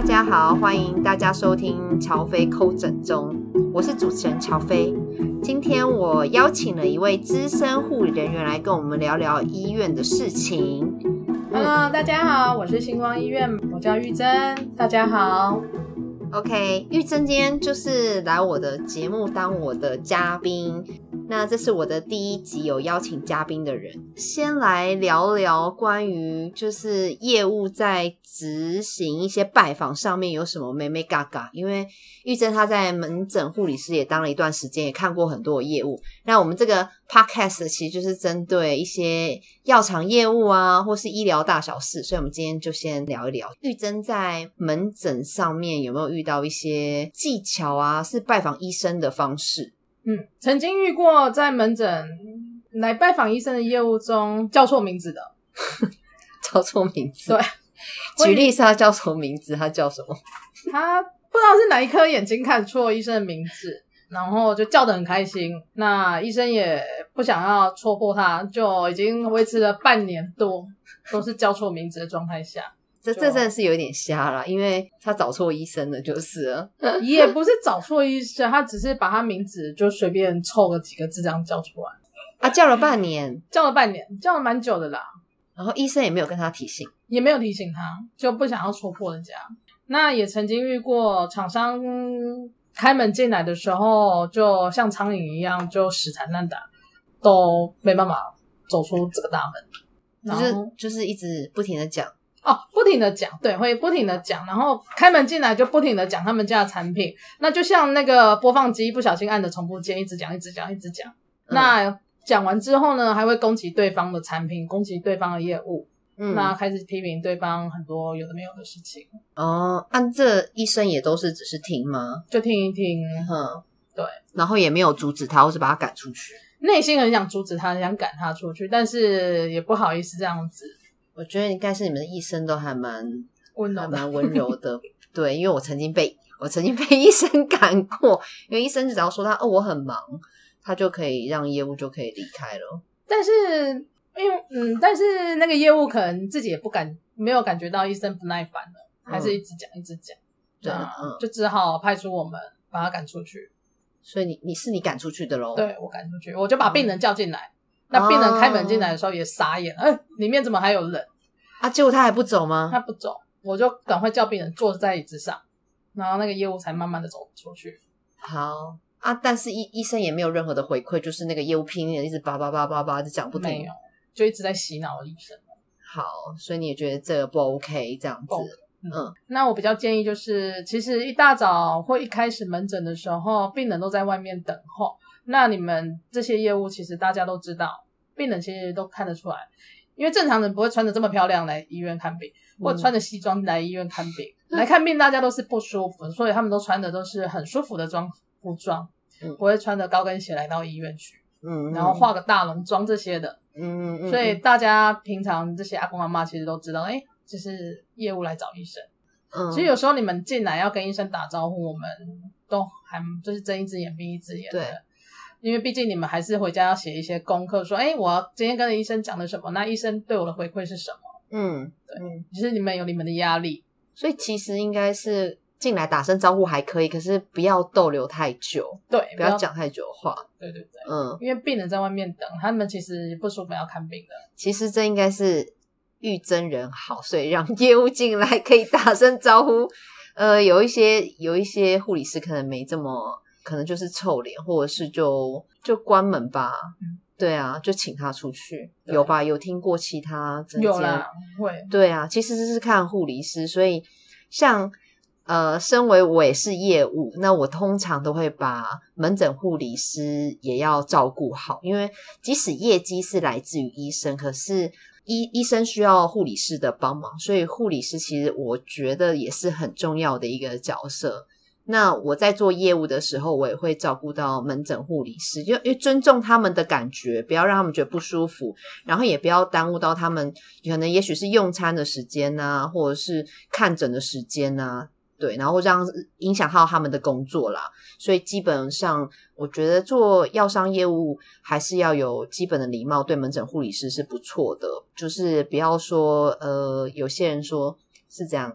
大家好，歡迎大家收聽《喬飛摳診中》，我是主持人喬飛。今天我邀請了一位資深護理人員來跟我們聊聊醫院的事情。Hello，嗯，大家好，我是新光醫院，我叫玉珍。大家好，OK，玉珍今天就是來我的節目當我的嘉賓。那這是我的第一集有邀請嘉賓的人，先來聊聊關於就是業務在執行一些拜訪上面有什麼眉眉角角？因為玉珍她在門診護理師也當了一段時間，也看過很多的業務。那我們這個 podcast 其實就是針對一些藥廠業務啊，或是醫療大小事，所以我們今天就先聊一聊玉珍在門診上面有沒有遇到一些技巧啊，是拜訪醫生的方式。嗯，曾經遇過在門診來拜訪醫生的業務中叫錯名字的， 叫錯名字。對，我舉例是他叫錯名字，他叫什麼？ 他不知道是哪一顆眼睛看錯醫生的名字，然後就叫得很開心。那醫生也不想要戳破他，就已經維持了半年多，都是叫錯名字的狀態下。這這真的是有點瞎啦，因為他找錯醫生了，就是 也不是找錯醫生，他只是把他名字就隨便湊了幾個字這樣叫出來。啊，叫了半年，叫了半年，叫了蠻久的啦。然後醫生也沒有跟他提醒，也沒有提醒他，就不想要戳破人家。那也曾經遇過廠商開門進來的時候，就像蒼蠅一樣，就死纏爛打，都沒辦法走出這個大門。就是就是一直不停的講。哦，不停的講，對，會不停的講，然後開門進來就不停的講他們家的產品，那就像那個播放機不小心按的重播鍵，一直講，一直講，一直講。那講完之後呢，還會攻擊對方的產品，攻擊對方的業務，嗯，那開始批評對方很多有的沒有的事情。哦，那這醫生也都是只是聽嗎？就聽一聽，哈哼，對。然後也沒有阻止他，或是把他趕出去。內心很想阻止他，很想趕他出去，但是也不好意思這樣子。我覺得應該是你們的醫生都還蠻、還蠻溫柔的，對，因為我曾經被我曾經被醫生趕過，因為醫生只要說他哦，我很忙，他就可以讓業務就可以離開了。但是因為嗯，但是那個業務可能自己也不敢，沒有感覺到醫生不耐煩了，還是一直講、嗯、一直講，對，嗯、就只好派出我們把他趕出去。所以你你是你趕出去的咯？對，我趕出去，我就把病人叫進來。嗯那病人開門進來的時候也傻眼了，哎、哦，裡面怎麼還有人？啊，結果他還不走嗎？他不走，我就趕快叫病人坐在椅子上，然後那個業務才慢慢的走出去。好啊，但是醫醫生也沒有任何的回饋，就是那個業務拼命一直叭叭叭叭叭，就講不停，沒有，就一直在洗腦醫生。好，所以你也覺得這個不 OK 這樣子，會嗯。嗯，那我比較建議就是，其實一大早或一開始門診的時候，病人都在外面等候。那你們這些業務，其實大家都知道，病人其實都看得出來，因為正常人不會穿着這麼漂亮來醫院看病，嗯、或者穿着西裝來醫院看病對來看病，大家都是不舒服，所以他們都穿的都是很舒服的裝服裝，嗯、不會穿着高跟鞋來到醫院去，嗯、然後化個大濃妝這些的，嗯、所以大家平常這些阿公阿嬤其實都知道，哎，這、就是業務來找醫生，嗯、其實有時候你們進來要跟醫生打招呼，我們都還就是睜一隻眼閉一隻眼的。因為畢竟你們還是回家要寫一些功課，說，哎，我今天跟醫生講了什麼？那醫生對我的回饋是什麼？嗯，對，嗯，其實你們有你們的壓力，所以其實應該是進來打聲招呼還可以，可是不要逗留太久，對，不要講太久的話，對，對對對，嗯，因為病人在外面等，他們其實不舒服要看病的。其實這應該是遇真人好，所以讓業務進來可以打聲招呼。呃，有一些有一些護理師可能沒這麼。可能就是臭臉，或者是就就關門吧。嗯，對啊，就請他出去，對有吧？有聽過其他整間？有啦，會，對啊，其實這是看護理師，所以像呃，身為我也是業務，那我通常都會把門診護理師也要照顧好，因為即使業績是來自於醫生，可是醫醫生需要護理師的幫忙，所以護理師其實我覺得也是很重要的一個角色。那我在做業務的時候，我也會照顧到門診護理師，就，要尊重他們的感覺，不要讓他們覺得不舒服，然後也不要耽誤到他們，可能也許是用餐的時間吶，或者是看診的時間吶，對，然後這樣影響到他們的工作啦。所以基本上，我覺得做藥商業務還是要有基本的禮貌，對門診護理師是不錯的，就是不要說呃，有些人說是這樣。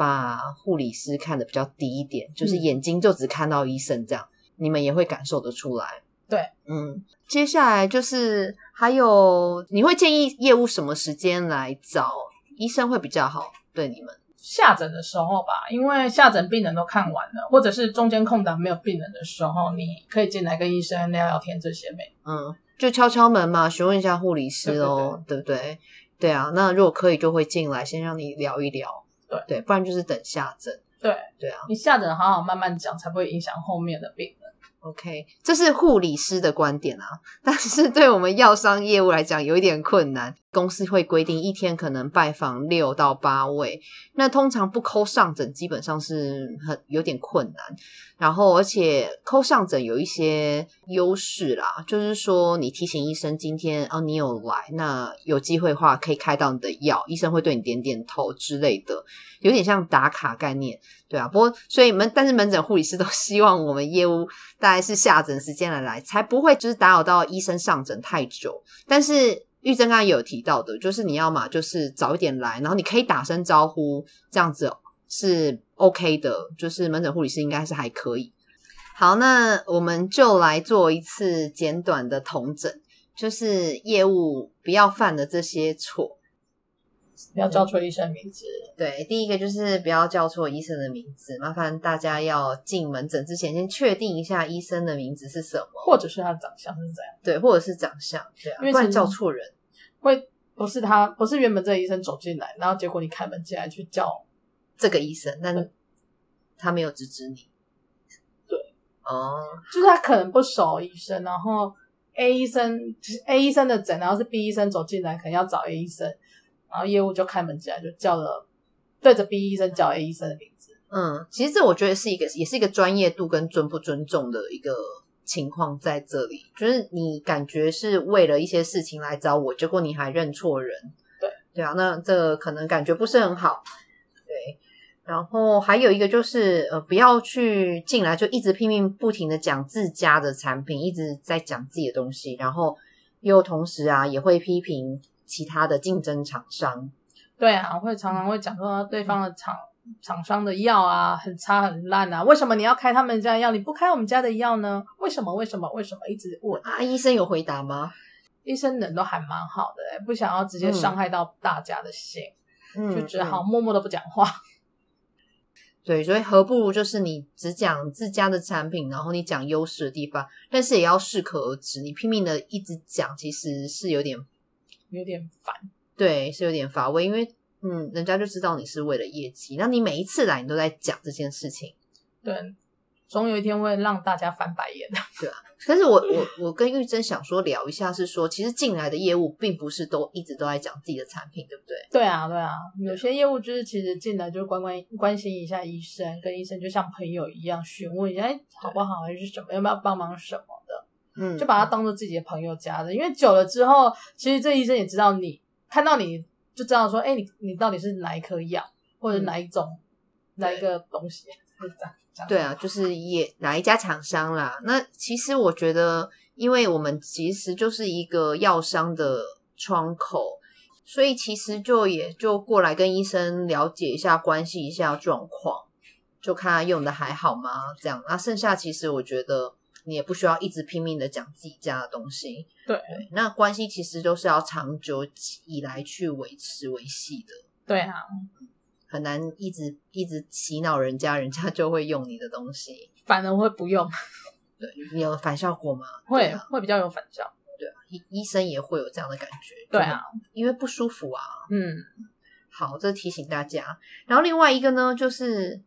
把護理師看得比較低一點，就是眼睛就只看到醫生這樣，嗯、你們也會感受得出來。對，嗯，接下來就是還有，你會建議業務什麼時間來找醫生會比較好？對，你們下診的時候吧，因為下診病人都看完了，或者是中間空檔沒有病人的時候，你可以進來跟醫生聊聊天這些沒？嗯，就敲敲門嘛，詢問一下護理師咯，對，對，對，對不對？對啊，那如果可以就會進來，先讓你聊一聊。對，對，不然就是等下診。對對啊，你下診好好慢慢講，才不會影響後面的病人。OK，這是護理師的觀點啊，但是對我們藥商業務來講，有一點困難。公司會規定一天可能拜訪六到八位，那通常不 Call 上診基本上是很有點困難。然後而且 Call 上診有一些優勢啦，就是說你提醒醫生今天哦你有來，那有機會的話可以開到你的藥，醫生會對你點點頭之類的，有點像打卡概念，對啊。不過所以門但是門診護理師都希望我們業務大概是下診時間來來，才不會就是打擾到醫生上診太久。但是。玉珍剛才有提到的，就是你要嘛，就是早一點來，然後你可以打聲招呼，這樣子是 OK 的。就是門診護理師應該是還可以。好，那我們就來做一次簡短的統整，就是業務不要犯的這些錯。不要叫錯醫生名字對對。對，第一個就是不要叫錯醫生的名字。麻煩大家要進門診之前，先確定一下醫生的名字是什麼，或者是他長相是怎樣？對，或者是長相，這樣、啊，因為不然叫錯人會不是他，不是原本這個醫生走進來，然後結果你開門進來去叫這個醫生，那對他沒有指指你，對，哦，oh. 就是他可能不熟醫生，然後 A 醫生、就是、A 醫生的診，然後是 B 醫生走進來，可能要找 A 醫生。然後業務就開門進來，就叫了，對着 B 醫生叫 A 醫生的名字。嗯，其實這我覺得是一個，也是一個專業度跟尊不尊重的一個情況在這裡。就是你感覺是為了一些事情來找我，結果你還認錯人。對，對啊，那這可能感覺不是很好。對。然後還有一個就是，呃，不要去進來就一直拼命不停的講自家的產品，一直在講自己的東西，然後又同時啊也會批評。其他的競爭廠商，對啊，會常常會講說對方的廠、嗯、廠商的藥啊很差很爛啊，為什麼你要開他們家的藥，你不開我們家的藥呢？為什麼？為什麼？為什麼？一直問啊？醫生有回答嗎？醫生人都還蠻好的，欸，不想要直接傷害到大家的心，嗯，就只好默默的不講話，嗯嗯。對，所以何不如就是你只講自家的產品，然後你講優勢的地方，但是也要適可而止，你拼命的一直講，其實是有點。有點煩，對，是有點乏味，因為嗯，人家就知道你是為了業績，那你每一次來，你都在講這件事情，對，總有一天會讓大家翻白眼的，對吧、啊？可是我我我跟玉珍想說聊一下，是說 其實進來的業務並不是都一直都在講自己的產品，對不對？對啊，對啊，對有些業務就是其實進來就關關關心一下醫生，跟醫生就像朋友一樣詢問一下，對哎、好不好還是什麼，要不要幫忙什麼。嗯，就把它當做自己的朋友家的，嗯、因為久了之後，其實這醫生也知道你，看到你就知道說，哎、欸，你你到底是哪一顆藥，或者哪一種，嗯、哪一個東西，對這樣子。對啊，就是也哪一家廠商啦。那其實我覺得，因為我們其實就是一個藥商的窗口，所以其實就也就過來跟醫生了解一下關心一下狀況，就看他用的還好嗎？這樣，那、啊、剩下其實我覺得。你也不需要一直拼命的講自己家的東西，對，對，那關係其實都是要長久以來去維持維繫的。對啊，很難一直一直洗腦人家，人家就會用你的東西，反而會不用。對你有反效果嗎？會，啊、會比較有反效果。對啊，醫醫生也會有這樣的感覺。對啊，因為不舒服啊。嗯，好，這提醒大家。然後另外一個呢，就是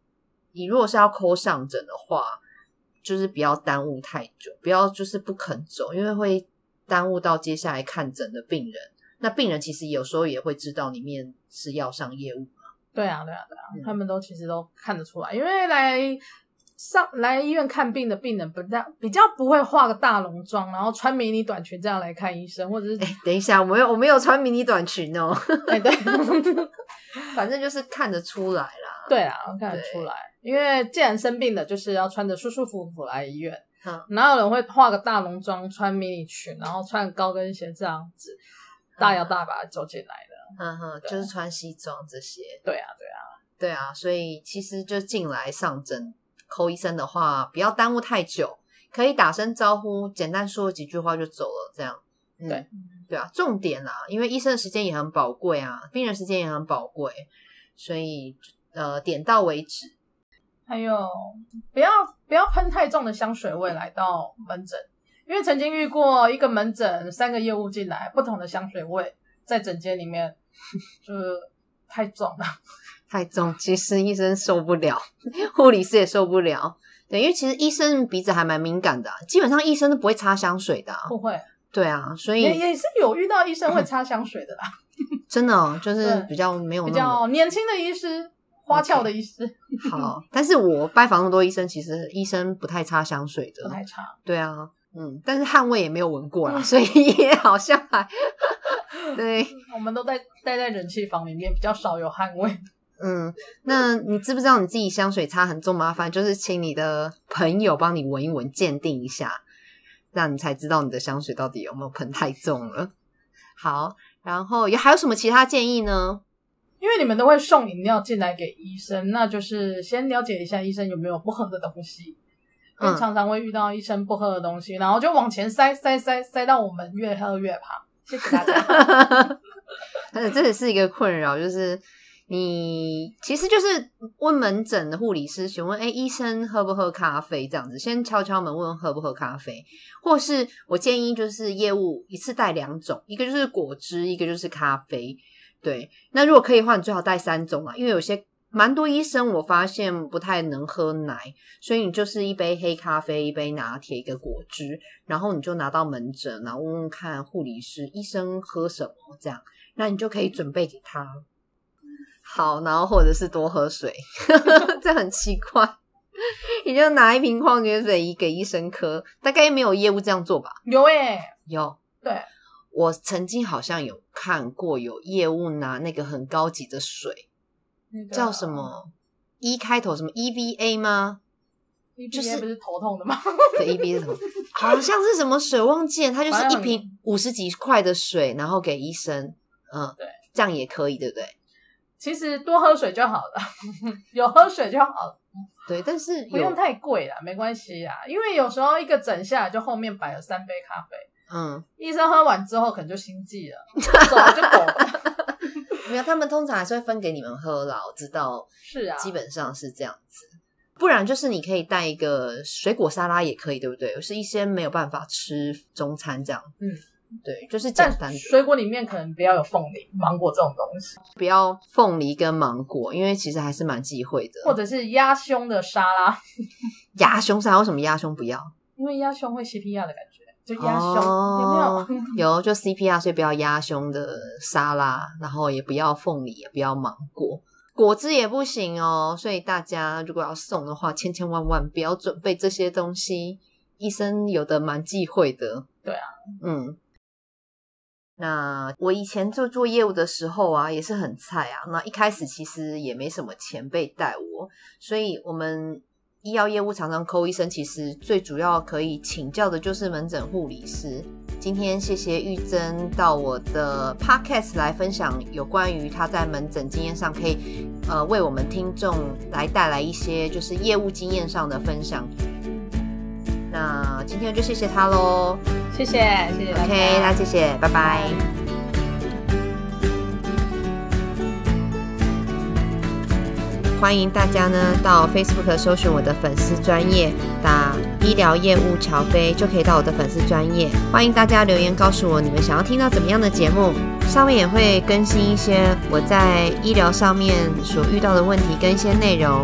你如果是要 call 上診的話，就是不要耽誤太久，不要就是不肯走，因為會耽誤到接下來看診的病人。那病人其實有時候也會知道裡面是要上業務嘛。對啊，對啊，對啊，嗯、他們都其實都看得出來，因為來上來醫院看病的病人比較比較不會化個大濃妝，然後穿迷你短裙這樣來看醫生，或者是、哎、等一下我沒有我沒有穿迷你短裙哦。對、 哎、對， 反正就是看得出來啦。對啊，看得出來。因為既然生病了，就是要穿着舒舒服服來醫院。哈、嗯，哪有人會化個大濃妝、穿迷你裙，然後穿高跟鞋這樣子，大搖大擺走進來的？嗯哼，嗯嗯對就是穿西裝這些。對啊，對啊，對啊。所以其實就進來上診，Call 醫生的話，不要耽誤太久，可以打聲招呼，簡單說幾句話就走了這樣。嗯、對，對啊。重點啊，因為醫生的時間也很寶貴啊，病人時間也很寶貴，所以呃，點到為止。還有，不要不要噴太重的香水味來到門診，因為曾經遇過一個門診三個業務進來，不同的香水味在診間裡面就是太重了，太重，其實醫生受不了，護理師也受不了，對，因為其實醫生鼻子還蠻敏感的、啊，基本上醫生都不會擦香水的、啊，不會，對啊，所以、欸、也是有遇到醫生會擦香水的啦、啊， 真的、哦、就是比較沒有對那麼 比較年輕的醫師。花俏的意思。Okay. 好，但是我拜訪那麼多醫生，其實醫生不太擦香水的。不太擦。對啊，嗯，但是汗味也沒有聞過啦，嗯、所以也好像還。對，我們都在待在冷氣房裡面，比較少有汗味。嗯，那你知不知道你自己香水擦很重嗎？反正 就是請你的朋友幫你聞一聞，鑑定一下，那你才知道你的香水到底有沒有噴太重了。好，然後也還有什麼其他建議呢？因為你們都會送飲料進來給醫生，那就是先了解一下醫生有沒有不喝的東西。常常會遇到醫生不喝的東西，嗯，然後就往前塞塞塞塞到我們越喝越胖。謝謝大家。哈哈哈哈哈。但是這也是一個困擾，就是你其實就是問門診的護理師詢問，哎，醫生喝不喝咖啡？這樣子先敲敲門問問喝不喝咖啡，或是我建議就是業務一次帶兩種，一個就是果汁，一個就是咖啡。對，那如果可以的話，你最好帶三種啊，因為有些蠻多醫生我發現不太能喝奶，所以你就是一杯黑咖啡，一杯拿鐵，一個果汁，然後你就拿到門診，然後問問看護理師、醫生喝什麼這樣，那你就可以準備給他。好，然後或者是多喝水， 這很奇怪， 你就拿一瓶礦泉水給醫生喝，大概也沒有業務這樣做吧？有耶、欸，有，對。我曾經好像有看過有業務拿那個很高級的水，嗯、叫什麼一、嗯 e、開頭什麼 EVA 嗎？EVA 就是不是頭痛的嗎？對 EVA 是什麼？好、 啊、像是什麼水？忘記了它就是一瓶五十幾塊的水，然後給醫生，嗯，對，這樣也可以，對不對？其實多喝水就好了， 有喝水就好了。對，但是不用太貴啦，沒關係啦，因為有時候一個整下就後面擺了三杯咖啡。嗯，醫生喝完之後可能就心悸了，走就了。 沒有，他們通常還是會分給你們喝啦。我知道，是啊，基本上是這樣子。不然就是你可以帶一個水果沙拉也可以，對不對？是一些沒有辦法吃中餐這樣。嗯，對，就是簡單。水果裡面可能不要有鳳梨、芒果這種東西，不要鳳梨跟芒果，因為其實還是蠻忌諱的。或者是鴨胸的沙拉， 鴨胸沙拉，為什麼鴨胸不要？因為鴨胸會 CPR 的感覺。就壓胸、oh, 有沒有？ 有，就 CPR，所以不要壓胸的沙拉，然後也不要鳳梨，也不要芒果，果汁也不行哦。所以大家如果要送的話，千千萬萬不要準備這些東西，醫生有的蠻忌諱的。對啊，嗯。那我以前做做業務的時候啊，也是很菜啊。那一開始其實也沒什麼前輩帶我，所以我們。醫藥業務常常 Call 醫生，其實最主要可以請教的，就是門診護理師。今天謝謝玉珍到我的 podcast 來分享有關於她在門診經驗上，可以呃為我們聽眾來帶來一些就是業務經驗上的分享。那今天就謝謝她嘍，謝謝謝謝 OK，拜拜。那謝謝，拜拜。歡迎大家呢到 Facebook 搜尋我的粉絲專頁，打醫療業務喬飛就可以到我的粉絲專頁。歡迎大家留言告訴我你們想要聽到怎麼樣的節目，上面也會更新一些我在醫療上面所遇到的問題跟一些內容。